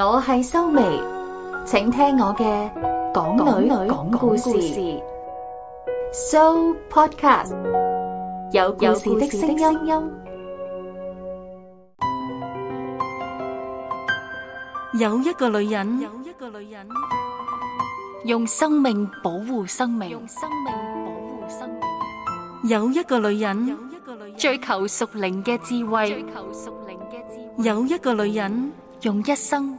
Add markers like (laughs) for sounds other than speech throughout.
我係修眉，請聽我嘅港女講故事，港女講故事，Show Podcast 有故事的聲音。有一個女人，有一個女人用生命保護生命，用生命保護生命。有一個女人，有一個女人追求屬靈嘅智慧，追求屬靈嘅智慧。有一個女人用一生。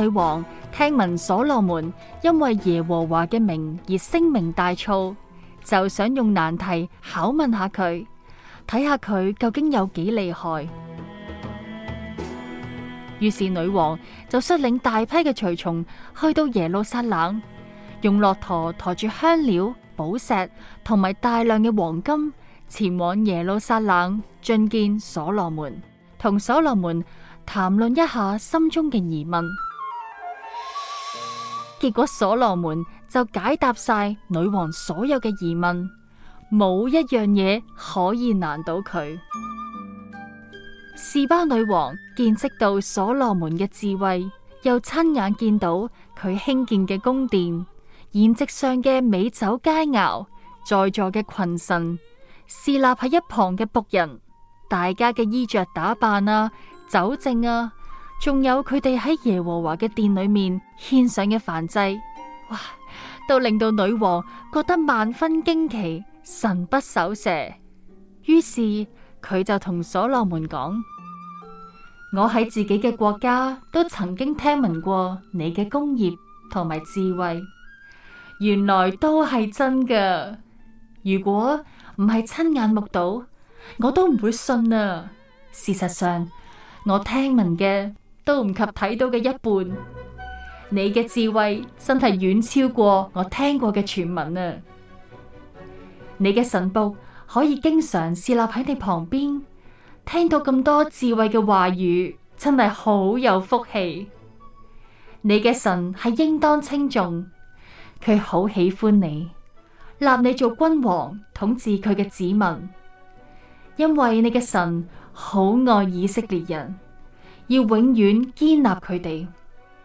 女王聽聞所羅門因為耶和華嘅名而聲名大噪，就想用難題考問下佢，睇下佢究竟有幾厲害。於是女王就率領大批嘅隨從去到耶路撒冷，用駱駝抬住香料、寶石同埋大量嘅黃金，前往耶路撒冷進見所羅門，同所羅門談論一下心中嘅疑問。結果所羅門就解答晒女王所有嘅疑問，冇一樣嘢可以難倒佢。示巴女王見識到所羅門嘅智慧，又親眼見到佢興建嘅宮殿、筵席上嘅美酒佳餚、在座嘅群臣、侍立喺一旁嘅僕人，大家嘅衣着打扮啊、酒政啊。仲有佢哋喺耶和華嘅殿裏面獻上嘅燔祭，哇，都令到女王覺得萬分驚奇，神不守舍。於是佢就同所羅門講：我喺自己嘅國家都曾經聽聞過你嘅工業同埋智慧，原來都係真㗎。如果唔係親眼目睹，我都唔會信啊。事實上，我聽聞嘅，都唔及睇到嘅一半，你嘅智慧真係遠超過我聽過嘅傳聞啊！你嘅神僕可以經常侍立喺你旁邊，聽到咁多智慧嘅話語，真係好有福氣。你嘅神係應當稱頌，佢好喜歡你，立你做君王統治佢嘅子民，因為你嘅神好愛以色列人。要永遠堅立佢哋，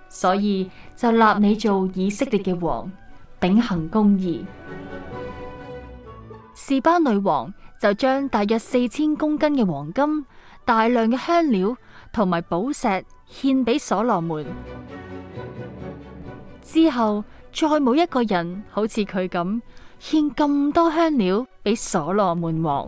所以就立你做以色列嘅王，秉行公義。士巴女王就將大約四千公斤嘅黃金、大量嘅香料同埋寶石獻俾所羅門，之後再冇一個人好似佢咁獻咁多香料俾所羅門王。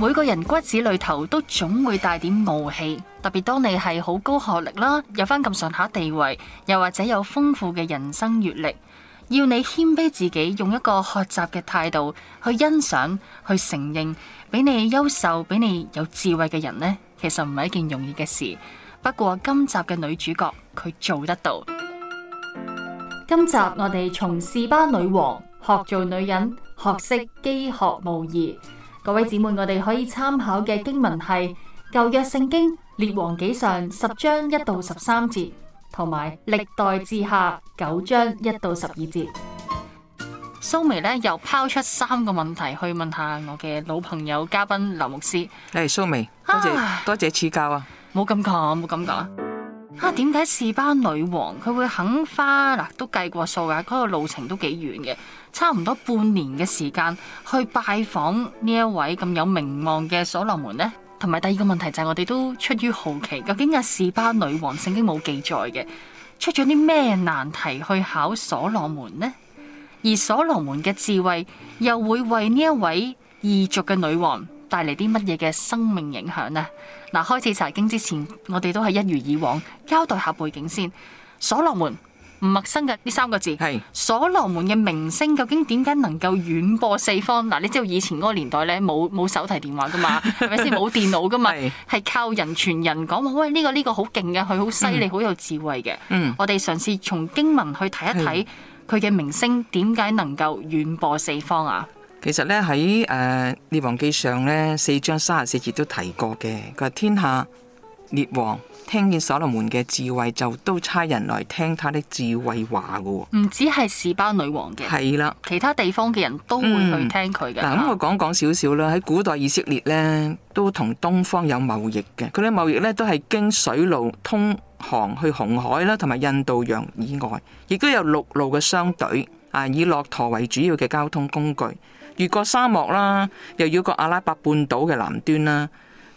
每個人骨子裏頭都總會帶點傲氣，特別當你係好高學歷啦，有翻咁上下地位，又或者有豐富嘅人生閱歷，要你謙卑自己，用一個學習嘅態度去欣賞、去承認比你優秀、比你有智慧嘅人呢，其實唔係一件容易嘅事。不過今集嘅女主角佢做得到。今集我哋從示巴女王，學做女人，學識積學無疑。各位姊妹，我哋可以參考嘅經文係舊約聖經列王紀上十章一到十三節，同埋歷代志下九章一到十二節。蘇眉呢又拋出三個問題去問下我嘅老朋友嘉賓劉牧師。嚟，蘇眉，多謝唉多謝賜教啊！冇咁講，冇咁講。啊，點解示巴女王佢會肯花嗱，、啊、都計過數嘅，嗰、啊，嗰個路程都幾遠嘅，差唔多半年嘅時間去拜訪呢一位咁有名望嘅所羅門呢？同埋第二個問題就係、是、我哋都出於好奇，究竟阿示巴女王聖經冇記載嘅，出咗啲咩難題去考所羅門呢？而所羅門嘅智慧又會為呢一位異族嘅女王帶嚟啲乜嘢嘅生命影響呢？嗱，開始查經之前，我哋都係一如以往交代下背景先。所羅門，唔陌生嘅呢三個字，係是所羅門嘅名聲究竟點解能夠遠播四方？嗱是，你知道以前嗰個年代咧冇冇手提電話噶嘛，係咪先？冇電腦噶嘛，係是靠人傳人講話。喂，呢、這個呢、這個好勁嘅，佢好犀利，好、嗯、有智慧嘅。嗯、我哋嘗試從經文去睇一睇佢嘅名聲點解能夠遠播四方啊！其實咧喺《誒列王記》上咧四章三十四節都提過嘅，佢話天下列王聽見所羅門嘅智慧就都差人來聽他的智慧話噶。唔止係示巴女王嘅，係啦的，其他地方嘅人都會去聽佢嘅。嗱咁、嗯、我講講少少啦，喺古代以色列咧都同東方有貿易嘅，佢啲貿易咧都係經水路通航去紅海啦，同埋印度洋以外，亦都有陸路嘅商隊啊，以駱駝為主要嘅交通工具。越過沙漠啦，又要過阿拉伯半島嘅南端啦，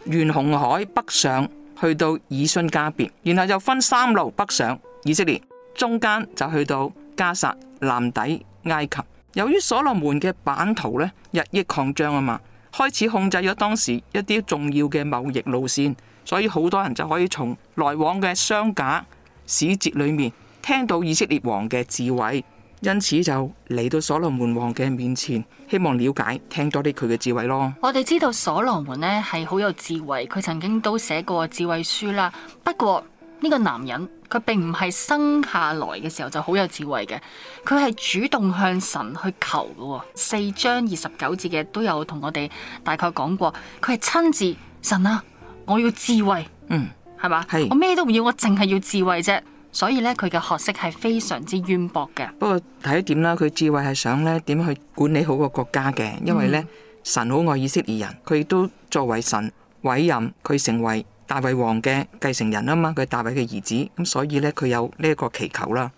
沿紅海北上，去到以遜加別，然後就分三路北上以色列，中間就去到加薩、南底、埃及。由於所羅門嘅版圖咧日益擴張啊嘛，開始控制咗當時一啲重要嘅貿易路線，所以好多人就可以從來往嘅商賈使節裏面聽到以色列王嘅智慧。因此就嚟到所羅門王嘅面前，希望了解聽多啲佢嘅智慧咯。我哋知道所羅門呢係好有智慧，佢曾經都寫過智慧書啦。不過呢個男人佢並唔係生下來嘅時候就好有智慧嘅，佢係主動向神去求嘅。四章二十九節嘅都有同我哋大概講過，佢係親自神啊，我要智慧，嗯，係咪吧，是我咩都唔要，我淨係要智慧啫。所以咧，佢嘅學識係非常之淵博嘅。不過睇點啦，佢智慧係想咧點去管理好個國家嘅，因為咧神好愛以色列人，佢亦都作為神委任佢成為大衞王嘅繼承人啊嘛，佢係大衞嘅兒子，咁所以咧佢有呢一個祈求啦，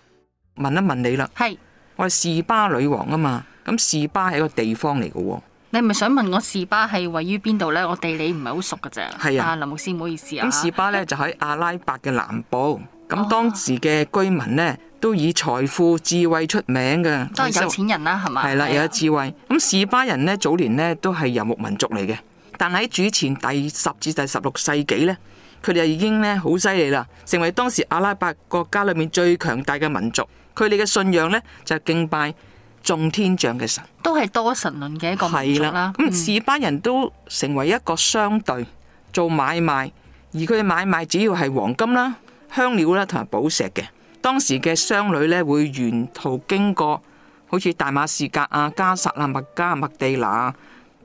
問一問你啦。係是，我係士巴女王啊嘛，咁士巴係個地方嚟嘅喎。你唔係想問我士巴係位於邊度咧？我地理唔係好熟㗎啫。係啊，啊，林牧師唔好意思啊。咁士巴咧就喺阿拉伯嘅南部。咁當時嘅居民咧，都以財富智慧出名嘅，當然有錢人啦，係咪？係啦，又有智慧。咁士巴人咧，早年咧都係遊牧民族嚟嘅，但喺主前第十至第十六世紀咧，佢哋就已經咧好犀利啦，成為當時阿拉伯國家裏面最強大嘅民族。佢哋嘅信仰咧就敬拜眾天象嘅神，都係多神論嘅一個民族啦。咁士巴人都成為一個商隊做買賣，而佢哋買賣主要係黃金啦。香料咧同埋寶石嘅，當時嘅商旅呢會沿途經過，好似大馬士革啊、加薩啊、麥加、麥地那、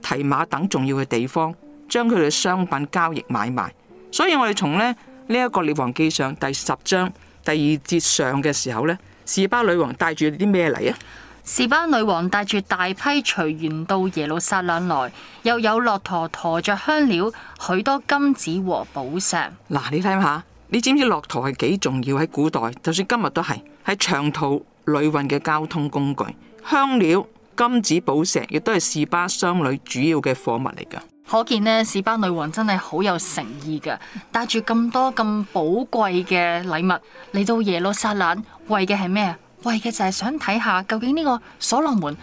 提馬等重要嘅地方，將佢哋商品交易買賣。所以我哋從咧呢一個《列王記》上第十章第二節上嘅時候呢，士巴女王帶住啲咩嚟啊？士巴女王帶住大批隨員到耶路撒冷來，又有駱駝馱着香料、許多金子和寶石。嗱，你聽下。你知唔知駱駝係幾重要喺古代？就算今日都係喺長途旅運嘅交通工具。香料、金子、寶石亦都係士巴商旅主要嘅貨物嚟噶。可見呢，士巴女王真係好有誠意噶，帶住咁多咁寶貴嘅禮物嚟到耶路撒冷，為嘅係咩啊？為嘅就係想睇下究竟呢個所羅門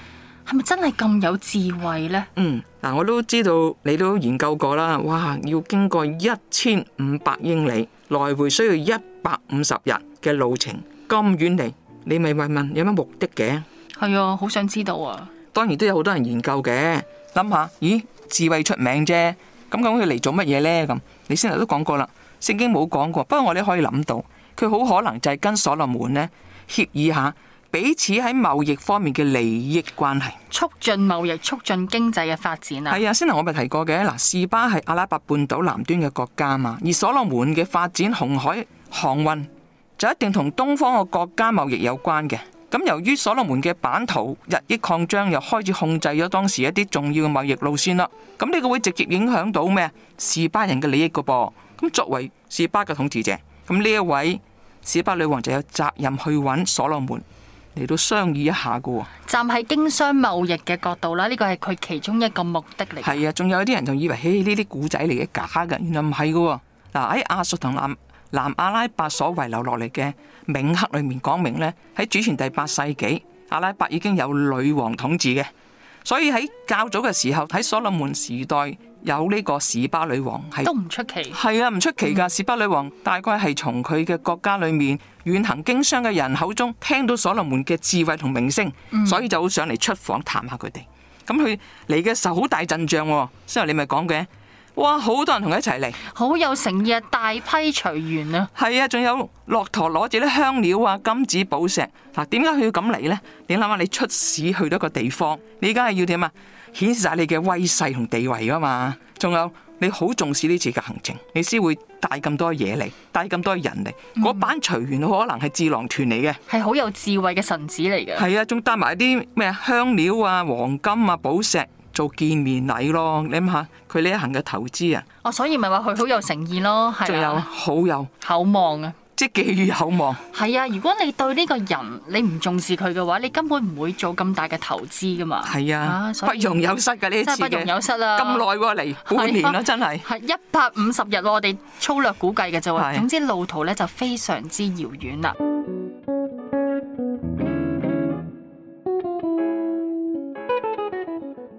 係咪真係咁有智慧呢？嗯。嗱，我都知道你都研究過啦，哇，要經過一千五百英里來回，需要一百五十日嘅路程，咁遠嚟，你咪問問有乜目的嘅？係啊，好想知道啊！當然都有好多人研究嘅，諗下，咦，智慧出名啫，咁究竟佢嚟做乜嘢呢？咁你先頭都講過啦，聖經冇講過，不過我哋可以諗到，佢好可能就係跟所羅門呢協議下。彼此喺貿易方面嘅利益關係，促進貿易，促進經濟嘅發展啊！係啊，先頭我咪提過嘅嗱，示巴係阿拉伯半島南端嘅國家嘛，而所羅門嘅發展紅海航運就一定同東方嘅國家貿易有關嘅。咁由於所羅門嘅版圖日益擴張，又開始控制咗當時一啲重要嘅貿易路線啦。咁呢個會直接影響到咩示巴人嘅利益噶噃。咁作為示巴嘅統治者，咁呢一位示巴女王就有責任去揾所羅門。嚟到商議一下嘅喎、哦，站喺經商貿易嘅角度啦，呢、呢個係佢其中一個目的嚟。係啊，仲有啲人就以為，嘿呢啲古仔嚟嘅假嘅，原來唔係嘅喎。嗱，喺亞述同南南阿拉伯所遺留落嚟嘅銘刻裡面講明呢，喺主前第八世紀，阿拉伯已經有女王統治嘅。所以喺較早嘅時候，喺所羅門時代有呢個史巴女王係都唔出奇，係啊，唔出奇噶嗯、史巴女王大概係從佢嘅國家裏面遠行經商嘅人口中聽到所羅門嘅智慧同名聲，所以就好想嚟出訪探下佢哋。咁佢嚟嘅時候好大陣仗、啊，雖然你咪講嘅。哇！好多人同佢一齊嚟，好有誠意、啊、大批隨員啊！係啊，仲有駱駝攞住啲香料啊、金子、寶石。嗱、啊，點解佢要咁嚟呢？你諗下，你出使去到一個地方，你而家係要點啊？顯示下你嘅威勢同地位噶嘛？仲有你好重視呢次嘅行程，你先會帶咁多嘢嚟，帶咁多人嚟。嗰、嗯、班隨員可能係智囊團嚟嘅，係好有智慧嘅臣子嚟嘅。係啊，仲帶埋啲咩香料啊、黃金啊、寶石。做見面禮咯，你諗下佢呢一行嘅投資啊，哦，所以咪話佢好有誠意咯，係仲有、啊、好有厚望啊，即係寄予厚望。係啊，如果你對呢個人你唔重視佢嘅話，你根本唔會做咁大嘅投資噶嘛。係啊，不容有失噶呢次，真係不容有失啊，咁耐嚟，半年咯，真係係一百五十日，我哋粗略估計嘅就係，是總之路途咧就非常之遙遠啦。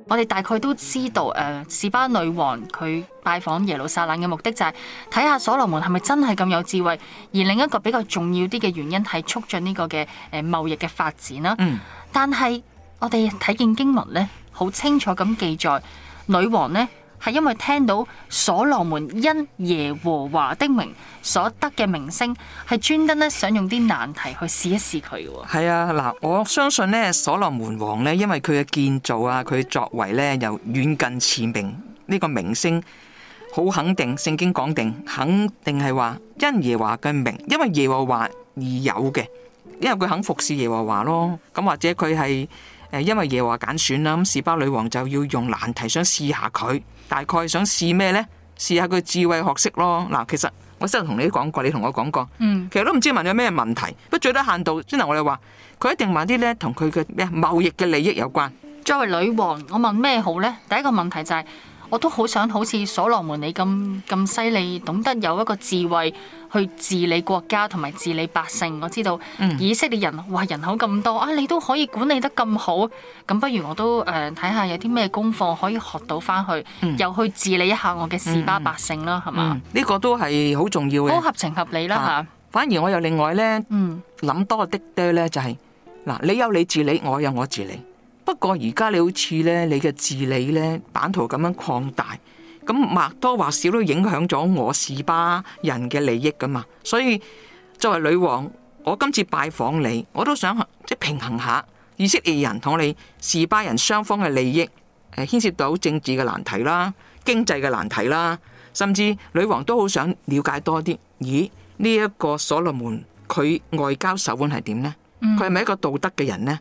我哋大概都知道，誒、呃，士巴女王佢拜訪耶路撒冷嘅目的就係、是、睇下所羅門係咪真係咁有智慧，而另一個比較重要啲嘅原因係促進呢個嘅誒、呃、貿易嘅發展啦、啊。嗯、但係我哋睇見經文咧，好清楚咁記載，女王呢，」係因為聽到所羅門因耶和華的名所得嘅名聲，係專登咧想用啲難題去試一試佢嘅。係啊，嗱，我相信呢，所羅門王呢，因為佢嘅建造啊，佢作為呢，又遠近馳名，呢、這個名聲好肯定。聖經講定，肯定係話因耶和華嘅名，因為耶和華而有嘅，因為佢肯服侍耶和華咯。咁或者佢係、呃、因為耶和華揀選啦，咁示巴女王就要用難題想試下佢。大概想試咩呢？試下佢智慧學識咯。嗱，其實我先同你講過，你同我講過，嗯、其實都唔知問咗咩問題。不過最低限度，先能我哋話佢一定問啲呢同佢嘅咩貿易嘅利益有關。作為女王，我問咩好呢？第一個問題就係、是。我都想好想好似所羅門你咁咁犀利，懂得有一個智慧去治理國家同埋治理百姓。我知道、嗯、以色列人話人口咁多啊，你都可以管理得咁好，咁不如我都誒睇下有啲咩功課可以學到翻去，嗯、又去治理一下我嘅士巴百姓啦，係嘛？呢個都係好重要嘅，好合情合理啦吓、啊。反而我又另外咧諗、嗯、多啲多咧，就係、是、嗱，你有你治理，我有我治理。不過而家你好似咧，你嘅治理咧版圖咁樣擴大，咁或多或少都影響咗我士巴人嘅利益㗎嘛。所以作為女王，我今次拜訪你，我都想即係平衡下以色列人同你士巴人雙方嘅利益。誒，牽涉到政治嘅難題啦，經濟嘅難題啦，甚至女王都好想了解多啲。咦，呢、這、一個所羅門佢外交手腕係點呢？佢係咪一個道德嘅人呢？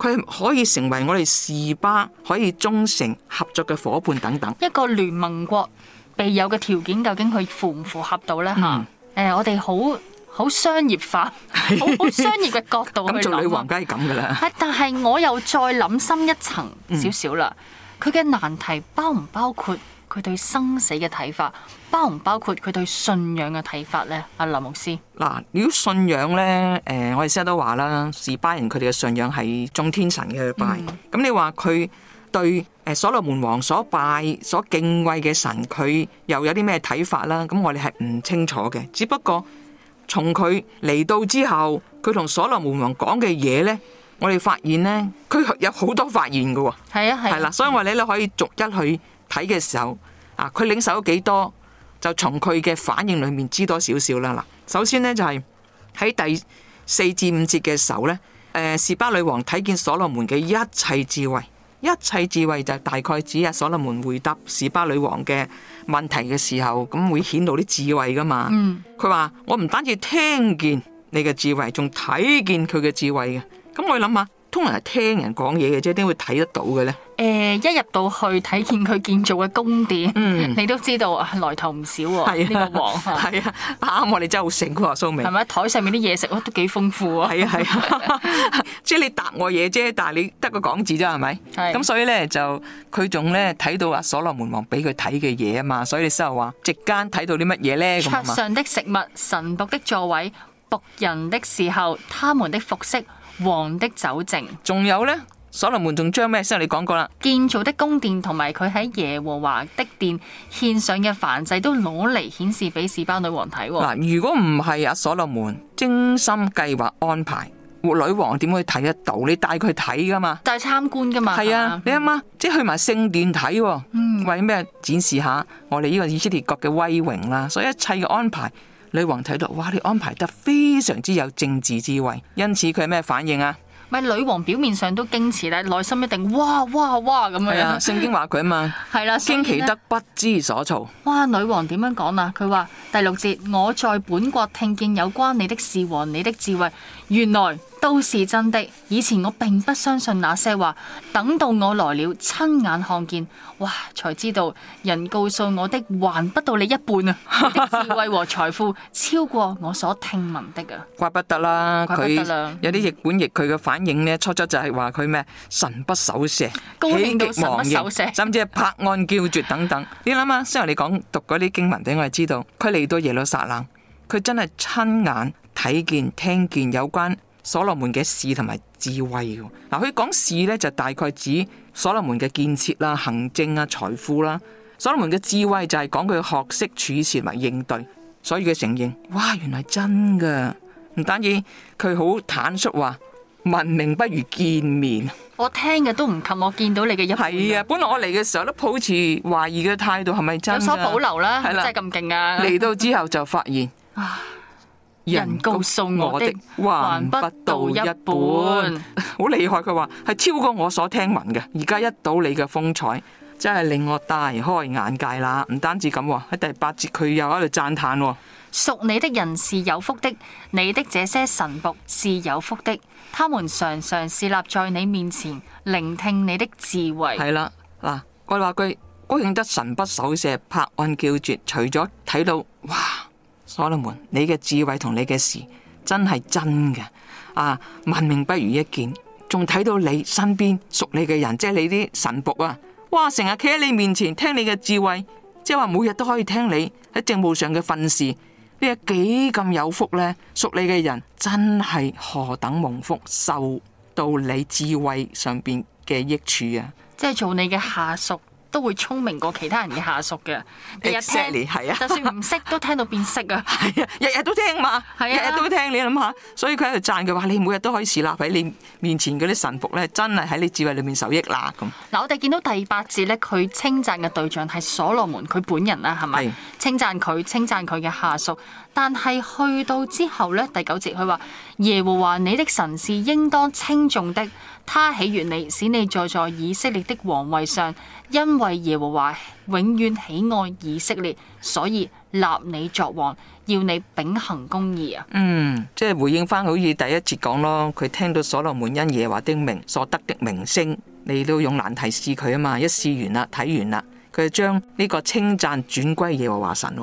佢可以成為我哋士巴可以忠誠合作嘅伙伴等等，一個聯盟國備有嘅條件，究竟佢符唔符合到呢？嚇、嗯！誒、呃，我哋好好商業化、 (laughs) 好好商業嘅角度去諗。咁做女王梗係咁噶啦。但係我又再諗深一層少少啦，佢嘅、嗯、難題包唔包括？佢對生死嘅睇法，包唔包括佢對信仰嘅睇法呢？阿、啊、林牧師嗱，如果信仰呢？誒、呃，我哋先都話啦，士巴人佢哋嘅信仰係眾天神嘅拜咁、嗯嗯。你話佢對誒所羅門王所拜所敬畏嘅神，佢又有啲咩睇法啦？咁我哋係唔清楚嘅。只不過從佢嚟到之後，佢同所羅門王講嘅嘢呢，我哋發現呢，佢有好多發現㗎喎、哦，係啊，係啦、啊，啊嗯、所以我哋咧可以逐一去。睇嘅時候，啊，佢領受咗幾多，就從佢嘅反應裏面知多少少啦。嗱，首先呢，就係喺第四至五節嘅時候呢，誒，士巴女王睇見所羅門嘅一切智慧，一切智慧就大概指啊，所羅門回答士巴女王嘅問題嘅時候，咁會顯露啲智慧噶嘛。嗯，佢話：我唔單止聽見你嘅智慧，仲睇見佢嘅智慧嘅。咁我諗下。通常係聽人講嘢嘅啫，點會睇得到嘅咧？誒、嗯，一入到去睇見佢建造嘅宮殿，嗯、你都知道啊，來頭唔少喎、啊。呢、啊、個王係啊，啱我哋真係好成功。佢話蘇明係咪台上面啲嘢食都幾豐富啊？係啊係啊，啊啊 (laughs) (laughs) 即係你答我嘢啫，但係你得個講字啫係咪？咁，是所以咧就佢仲咧睇到啊所羅門王俾佢睇嘅嘢啊嘛，所以你先話席間睇到啲乜嘢咧？桌上的食物、神僕的座位、僕人的侍候、他們的服飾。王的酒政，仲有呢？所羅門仲將咩先？你講過啦，建造的宮殿同埋佢喺耶和華的殿獻上嘅燔祭，都攞嚟顯示俾示巴女王睇喎。嗱，如果唔係阿所羅門精心計劃安排，女王點會睇得到？你帶佢睇㗎嘛？帶參觀㗎嘛？係啊，你諗下，嗯，即係去埋聖殿睇，為咩展示下我哋呢個以色列國嘅威榮啦？所以一切嘅安排。女王睇到，哇！你安排得非常之有政治智慧，因此佢係咩反應啊？咪女王表面上都矜持咧，內心一定哇哇哇咁樣。係啊，聖經話佢啊嘛。係啦、啊，驚奇得不知所措。哇！女王點樣講啊？佢話第六節，我在本國聽見有關你的事和你的智慧，原來。都是真的。以前我並不相信那些話，等到我來了，親眼看見，哇，才知道人告訴我的還不到你一半啊！智慧和財富超過我所聽聞的啊！ (laughs) 怪不得啦，怪不得啦。有啲譯本譯，佢嘅反應呢，初初就係話佢咩神不守舍，高興到神不守舍， (laughs) 甚至係拍案叫絕等等。你諗下，雖然你講讀嗰啲經文畀我哋知道佢嚟到耶路撒冷，佢真係親眼睇見，見、聽見有關。所羅門嘅事同埋智慧噶，嗱，佢講事呢，就大概指所羅門嘅建設啦、行政啊、財富啦。所羅門嘅智慧就係講佢學識處事同埋應對，所以佢承認，哇，原來真噶，唔單止佢好坦率話，聞名不如見面。我聽嘅都唔及我見到你嘅一面。係啊，本來我嚟嘅時候都抱持懷疑嘅態度是是，係咪真？有所保留啦，的真係咁勁啊！嚟到之後就發現。 (laughs) 人告訴我的還哇不到一半，好厲 (laughs) 害！佢話係超過我所聽聞嘅。而家一睹你嘅風采，真係令我大開眼界啦！唔單止咁，喺第八節佢又喺度讚嘆：屬你的人是有福的，你的這些神僕是有福的，他們常常是立在你面前聆聽你的智慧。係啦，嗱、啊，我話句：「高興得神不守舍，拍案叫絕」。除咗睇到，哇！所羅門你嘅智慧同你嘅事真係真嘅啊！聞名不如一見，仲睇到你身邊屬你嘅人，即係你啲臣僕啊！哇，成日企喺你面前聽你嘅智慧，即係話每日都可以聽你喺政務上嘅訓示，你係幾咁有福呢？屬你嘅人真係何等蒙福，受到你智慧上邊嘅益處啊！即係做你嘅下屬。都會聰明過其他人嘅下屬嘅，日日聽，係啊，就算唔識都聽到變識啊，係啊， (laughs) 日日都聽嘛，日日 (laughs) 的都聽，你諗下，所以佢喺度讚嘅話，你每日都可以侍立喺你面前嗰啲臣僕咧，真係喺你智慧裏面受益啦咁。嗱、啊，我哋見到第八節咧，佢稱讚嘅對象係所羅門佢本人啦，係咪？稱讚佢，稱讚佢嘅下屬。但係去到之後呢，第九節佢話，耶和華你的神是應當稱頌的，他喜悅你，使你坐在以色列的皇位上，因為耶和華永遠喜愛以色列，所以立你作王，要你秉行公義啊。嗯，即係回應翻，好似第一節講咯，佢聽到所羅門因耶和華的名所得的名聲，你都用難題試佢啊嘛，一試完啦，睇完啦，佢就將呢個稱讚轉歸耶和華神。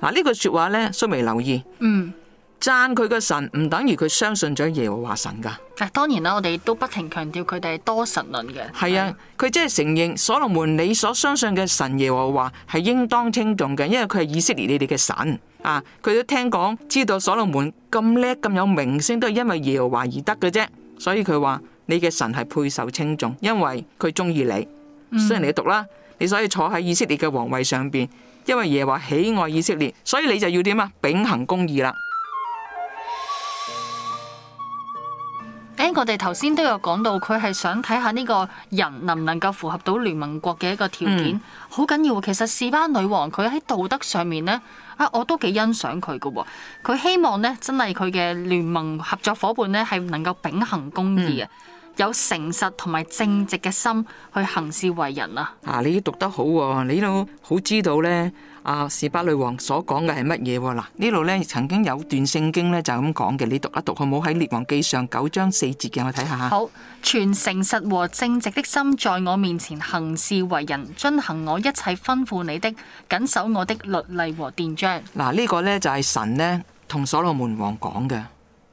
嗱，呢句說話咧，雖未留意，嗯，讚佢嘅神唔等於佢相信咗耶和華神噶。但、啊、當然啦，我哋都不停強調佢哋係多神論嘅。係啊，佢即係承認所羅門你所相信嘅神耶和華係應當稱重嘅，因為佢係以色列你哋嘅神啊。佢都聽講，知道所羅門咁叻咁有名聲，都係因為耶和華而得嘅啫。所以佢話你嘅神係配受稱重，因為佢中意你，嗯、雖然你讀啦。你所以坐喺以色列嘅皇位上邊。因為耶華喜愛以色列，所以你就要點啊？秉行公義啦。誒，我哋頭先都有講到，佢係想睇下呢個人能唔能夠符合到聯盟國嘅一個條件，嗯，好緊要。其實示巴女王佢喺道德上面呢，啊，我都幾欣賞佢嘅。佢希望呢，真係佢嘅聯盟合作伙伴呢，係能夠秉行公義嘅。嗯有誠實同埋正直嘅心去行事為人啊！嗱、啊，你讀得好、哦，你都好知道呢。啊，示巴女王所講嘅係乜嘢嗱？啊、呢度呢曾經有段聖經呢，就咁講嘅，你讀一讀，好唔好喺列王記上九章四節嘅，我睇下吓。好，存誠實和正直的心，在我面前行事為人，遵行我一切吩咐你的，謹守我的律例和典章。嗱、啊，呢、這個呢就係、是、神呢同所羅門王講嘅，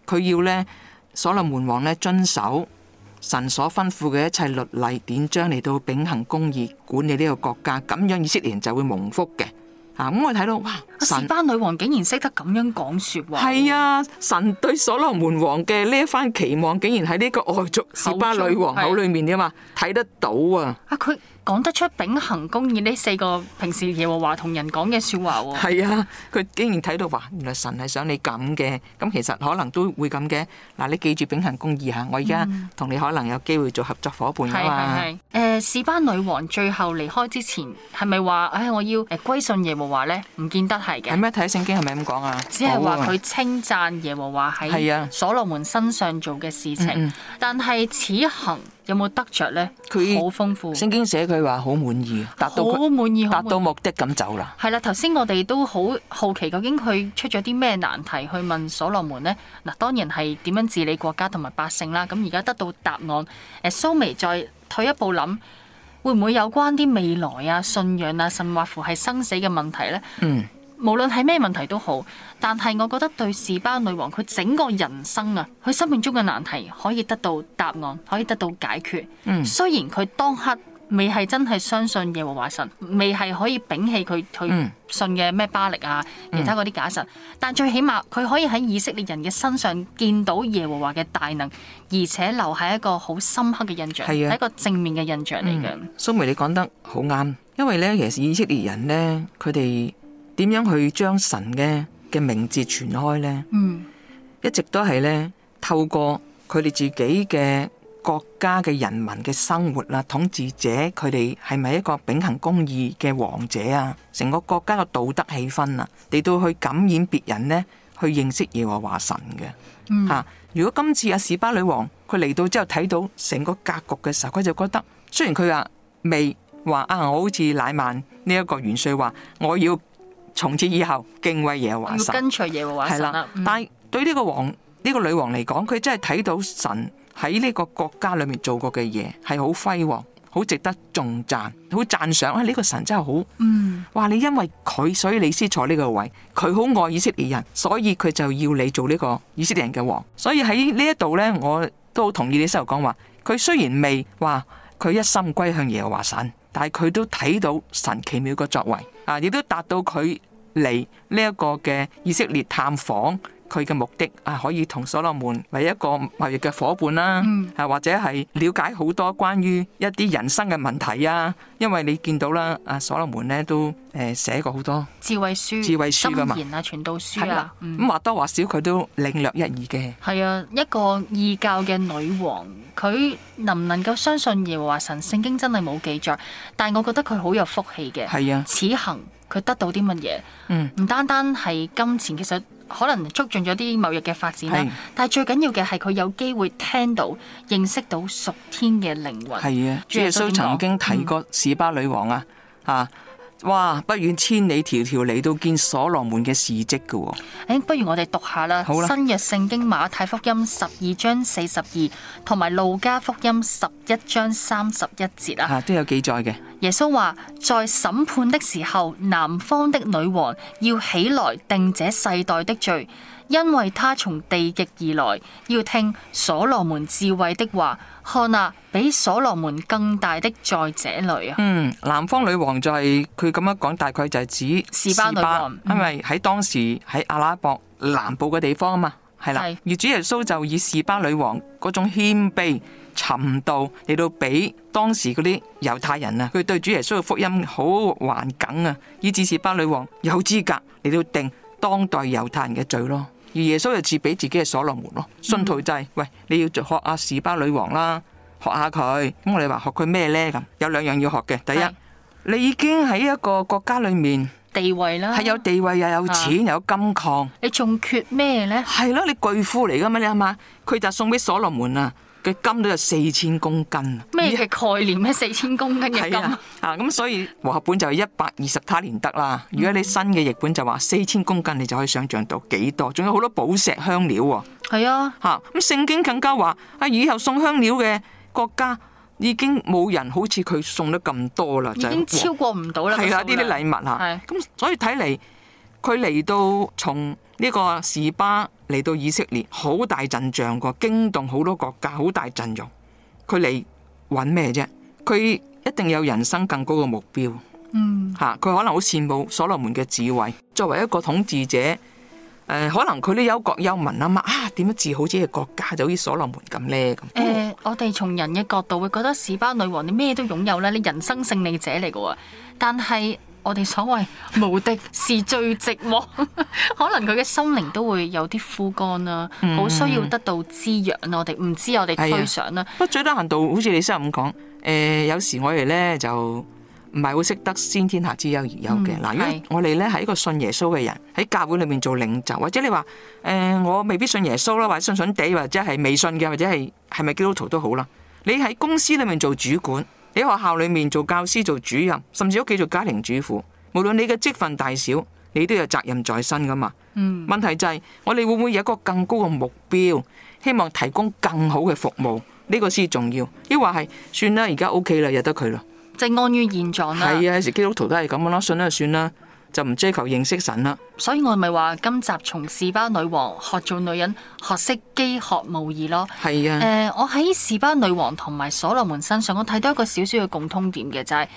佢要呢，所羅門王呢遵守。神所吩咐嘅一切律例典章嚟到秉行公義管理呢個國家，咁樣以色列人就會蒙福嘅。啊，咁我睇到哇，士巴女王竟然識得咁樣講說話。係啊，神對所羅門王嘅呢一番期望，竟然喺呢個外族士巴女王口裏面啊嘛，睇得到啊。啊，佢。講得出秉行公義呢四個平時耶和華同人講嘅說話。哦，係啊，佢竟然睇到話，原來神係想你咁嘅？咁其實可能都會咁嘅。嗱，啊，你記住秉行公義吓，我而家同你可能有機會做合作伙伴噶嘛。係係係，誒，士班女王最後離開之前係咪話，唉，哎，我要誒歸順耶和華咧？唔見得係嘅。喺咩睇聖經係咪咁講啊？只係話佢稱讚耶和華喺所羅門身上做嘅事情，啊，嗯嗯，但係此行。有冇得着呢？佢好豐富。聖經寫佢話好滿意，達到好滿意，達到目的咁走啦。係啦，頭先我哋都好好奇，究竟佢出咗啲咩難題去問所羅門呢？嗱，當然係點樣治理國家同埋百姓啦。咁而家得到答案，誒，蘇眉再退一步諗，會唔會有關啲未來啊、信仰啊，甚或乎係生死嘅問題呢？嗯。無論係咩問題都好，但係我覺得對士巴女王，佢整個人生啊，佢生命中嘅難題可以得到答案，可以得到解決。嗯，雖然佢當刻未係真係相信耶和華神，未係可以摒棄佢佢信嘅咩巴力啊，嗯、其他嗰啲假神，但最起碼佢可以喺以色列人嘅身上見到耶和華嘅大能，而且留下一個好深刻嘅印象，係、啊、一個正面嘅印象嚟嘅。蘇梅、嗯，你講得好啱，因為咧，其實以色列人呢，佢哋。點樣去將神嘅嘅名字傳開呢？嗯，mm. 一直都係呢，透過佢哋自己嘅國家嘅人民嘅生活啦，統治者佢哋係咪一個秉行公義嘅王者啊？成個國家嘅道德氣氛啦，你都去感染別人呢，去認識耶和華神嘅吓、mm. 啊。如果今次阿、啊、士巴女王佢嚟到之後睇到成個格局嘅時候，佢就覺得雖然佢話未話啊，我好似乃曼呢一個元帥話我要。從此以後敬畏耶和華神，跟隨耶和華神？係啦。的嗯、但係對呢個王呢、這個女王嚟講，佢真係睇到神喺呢個國家裏面做過嘅嘢，係好輝煌，好值得重讚，好讚賞。啊，呢、這個神真係好，嗯，話你因為佢所以你先坐呢個位，佢好愛以色列人，所以佢就要你做呢個以色列人嘅王。所以喺呢一度呢，我都好同意你收頭講話，佢雖然未話佢一心歸向耶和華神，但係佢都睇到神奇妙個作為。啊！亦都達到佢嚟呢一個嘅以色列探訪。佢嘅目的啊，可以同所羅門為一個貿易嘅夥伴啦、啊，嗯、啊或者係了解好多關於一啲人生嘅問題啊，因為你見到啦，啊所羅門咧都誒寫過好多智慧書、智慧書箴言啊傳道書啊，咁、嗯、或、啊、多或少佢都領略一二嘅。係啊，一個異教嘅女王，佢能唔能夠相信耶和華神？聖經真係冇記載，但係我覺得佢好有福氣嘅。係啊，此行佢得到啲乜嘢？嗯，唔單單係金錢，其實。可能促進咗啲貿易嘅發展啦，的但係最緊要嘅係佢有機會聽到、認識到屬天嘅靈魂。係啊的，耶穌曾經提過《示巴女王》啊，啊、嗯。哇！不遠千里迢迢嚟到見所羅門嘅事跡嘅、哦，誒、哎，不如我哋讀下啦。好啦吧，新約聖經馬太福音十二章四十二同埋路加福音十一章三十一節啦、啊。都有記載嘅。耶穌話：在審判的時候，南方的女王要起來定這世代的罪。因為他從地極而來，要聽所羅門智慧的話。看啊，比所羅門更大的在這裏啊！嗯，南方女王就係佢咁樣講，大概就係指士巴女王，嗯、因為喺當時喺阿拉伯南部嘅地方啊嘛，係啦。是而主耶穌就以士巴女王嗰種謙卑、尋道嚟到俾當時嗰啲猶太人啊，佢對主耶穌嘅福音好頑梗啊，以至士巴女王有資格嚟到定當代猶太人嘅罪咯，而耶穌就賜俾自己嘅所羅門咯。信徒制、就是，嗯、喂，你要學阿士巴女王啦，學下佢。咁我哋話學佢咩呢？咁有兩樣要學嘅。第一，是你已經喺一個國家裏面地位啦，係有地位又有錢又有金礦、啊，你仲缺咩呢？係咯、啊，你巨富嚟噶嘛？你係嘛？佢就送俾所羅門啊！嘅金都有四千公斤，咩概念咩？四千公斤嘅 (laughs) 啊！咁、嗯、所以和合本就一百二十卡連得啦。如果你新嘅譯本就話四千公斤，你就可以想象到幾多？仲有好多寶石香料喎。係啊，吓咁聖經更加話啊，以後送香料嘅國家已經冇人好似佢送得咁多啦，就是、已經超過唔到啦。係啦，呢啲禮物啊，咁、啊是嗯、所以睇嚟佢嚟到從。呢個士巴嚟到以色列，好大陣仗喎，驚動好多國家，好大陣容。佢嚟揾咩啫？佢一定有人生更高嘅目標。嗯，嚇，佢可能好羨慕所羅門嘅智慧。作為一個統治者，呃、可能佢都憂國憂民啊嘛。啊，點樣治好自己嘅國家，就好似所羅門咁咧。誒、哦呃，我哋從人嘅角度會覺得士巴女王你咩都擁有啦，你人生勝利者嚟嘅。但係，我哋所謂無敵是最寂寞，可能佢嘅心靈都會有啲枯乾啦，好、嗯、需要得到滋養啦。我哋唔知我哋推想啦。不過最多限度，好似你先咁講，誒、呃、有時我哋咧就唔係好識得先天下之憂而憂嘅。嗱、嗯，因為我哋咧係一個信耶穌嘅人，喺教會裏面做領袖，或者你話誒、呃、我未必信耶穌啦，或者信信地，或者係未信嘅，或者係係咪基督徒都好啦。你喺公司裏面做主管。喺學校裏面做教師做主任，甚至屋企做家庭主婦，無論你嘅職份大小，你都有責任在身噶嘛。嗯、問題就係、是、我哋會唔會有一個更高嘅目標，希望提供更好嘅服務，呢、呢個先重要。抑或係算啦，而家 O K 啦，由得佢啦，即係安於現狀啦。係啊，啊有時基督徒都係咁樣咯，信啦就算啦。就唔追求認識神啦，所以我咪話今集從示巴女王學做女人，學識機學無疑咯。係啊的，誒、呃，我喺示巴女王同埋所羅門身上，我睇到一個小小嘅共通點嘅就係、是。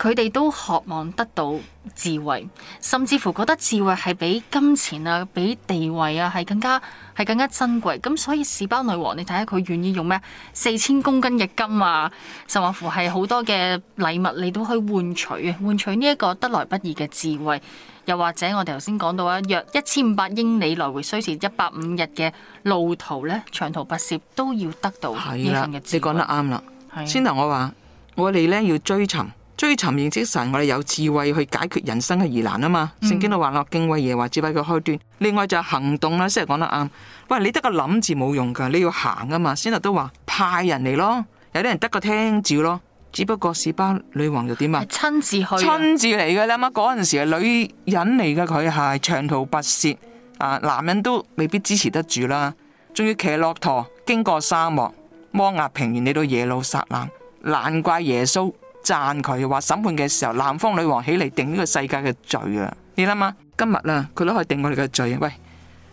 佢哋都渴望得到智慧，甚至乎覺得智慧係比金錢啊、比地位啊，係更加係更加珍貴。咁所以士包女王，你睇下佢願意用咩，四千公斤嘅金啊，甚至乎係好多嘅禮物，你都可以換取啊，換取呢一個得來不易嘅智慧。又或者我哋頭先講到啊，約一千五百英里來回，需時一百五日嘅路途咧，長途跋涉都要得到呢份嘅智慧。係啊，你講得啱啦，先頭我話我哋咧要追尋。追尋認識神，我哋有智慧去解決人生嘅疑難啊嘛。聖、嗯、經都話啦，我敬畏耶和華智慧嘅開端。另外就行動啦。先人講得啱，喂，你得個諗字冇用噶，你要行啊嘛。先人都話派人嚟咯，有啲人得個聽字咯，只不過示巴女王又點啊？親自去親自嚟嘅，啦嘛？嗰陣時係女人嚟嘅，佢係長途跋涉啊，男人都未必支持得住啦，仲要騎駱駝經過沙漠、摩押平原，嚟到耶路撒冷，難怪耶穌。讚佢話審判嘅時候，南方女王起嚟定呢個世界嘅罪啊！你諗下，今日啊，佢都可以定我哋嘅罪啊！喂，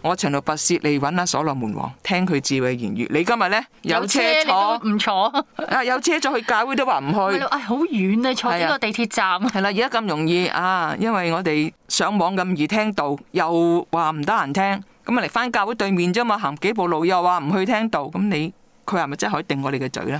我長路跋涉嚟揾阿所羅門王，聽佢智慧言語。你今日呢有車坐唔坐啊？有車坐去教會都話唔去，哎好遠啊！坐呢個地鐵站係啦，而家咁容易啊！因為我哋上網咁易聽道，又話唔得閒聽，咁啊嚟翻教會對面啫嘛，行幾步路又話唔去聽道，咁你佢係咪真係可以定我哋嘅罪呢？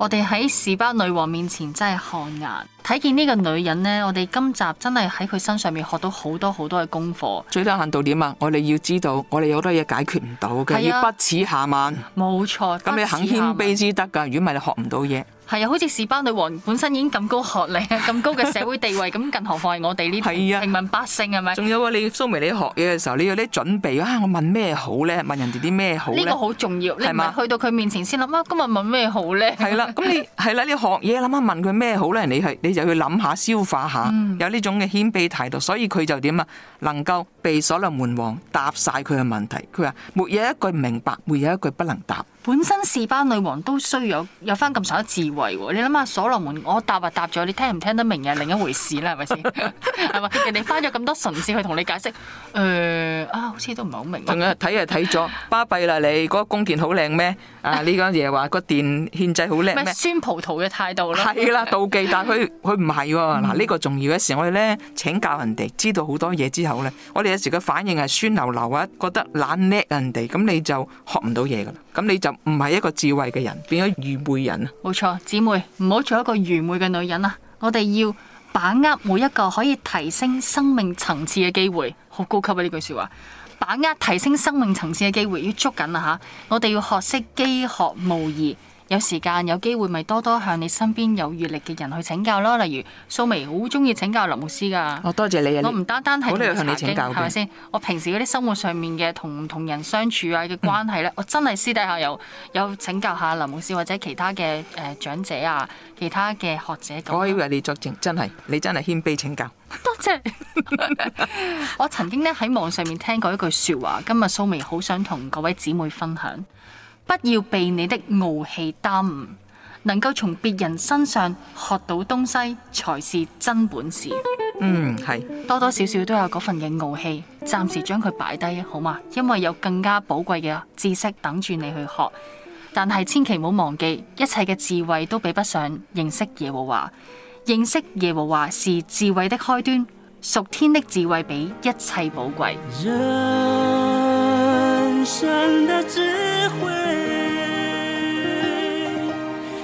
我哋喺士巴女王面前真係汗顏，睇見呢個女人呢，我哋今集真係喺佢身上面學到好多好多嘅功課。最低限度點啊？我哋要知道，我哋有好多嘢解決唔到嘅，係要不恥下問。冇錯，咁你肯謙卑之得噶，如果唔係你學唔到嘢。係啊，好似示巴女王本身已經咁高學歷咁高嘅社會地位，咁更 (laughs) 何況係我哋呢啲平民百姓係咪？仲有啊，你蘇眉你學嘢嘅時候，你有啲準備啊、哎，我問咩好咧？問人哋啲咩好咧？呢個好重要，係咪？去到佢面前先諗啊，今日問咩好咧？係啦，咁你係啦，你學嘢諗下問佢咩好咧？你係你就去諗下消化下，嗯、有呢種嘅謙卑態度，所以佢就點啊，能夠被所羅門王答晒佢嘅問題。佢話：沒有一句明白，沒有一句不能答。本身士巴女王都需要有翻咁多智慧喎，你諗下所羅門，我答啊答咗，你聽唔聽得明又另一回事啦，係咪先？係咪？ (laughs) (laughs) 人哋翻咗咁多神志去同你解釋，誒、呃、啊，好似都唔係好明。仲睇就睇咗，巴閉啦你，嗰、 (laughs) 啊、個宮殿好靚咩？啊呢間嘢話個殿獻祭好靚咩？酸葡萄嘅態度咯，係 (laughs) 啦，妒忌，但係佢佢唔係喎。嗱呢、 (laughs) 這個重要嘅事，我哋咧請教人哋，知道好多嘢之後咧，我哋有時嘅反應係酸溜溜啊，覺得懶叻人哋，咁你就學唔到嘢㗎啦，咁你就。唔係一個智慧嘅人，變咗愚昧人啊！冇錯，姊妹唔好做一個愚昧嘅女人啊！我哋要把握每一個可以提升生命層次嘅機會，好高級啊！呢句說話，把握提升生命層次嘅機會，要捉緊啊！吓，我哋要學識積學慕義。有時間有機會咪多多向你身邊有閱歷嘅人去請教咯，例如蘇眉好中意請教林牧師噶。哦，多謝你啊！我唔單單係同、oh, thank 查經，係咪先？我平時嗰啲生活上面嘅同同人相處啊嘅關係咧，mm. 我真係私底下有有請教下林牧師或者其他嘅誒、呃、長者啊，其他嘅學者咁。我以為你作證，真係你真係謙卑請教。多謝。我曾經咧喺網上面聽過一句説話，今日蘇眉好想同各位姊妹分享。不要被你的傲氣耽誤，能夠從別人身上學到東西才是真本事。嗯，係多多少少都有嗰份嘅傲氣，暫時將佢擺低好嘛，因為有更加寶貴嘅知識等住你去學。但係千祈唔好忘記，一切嘅智慧都比不上認識耶和華，認識耶和華是智慧的開端，屬天的智慧比一切寶貴。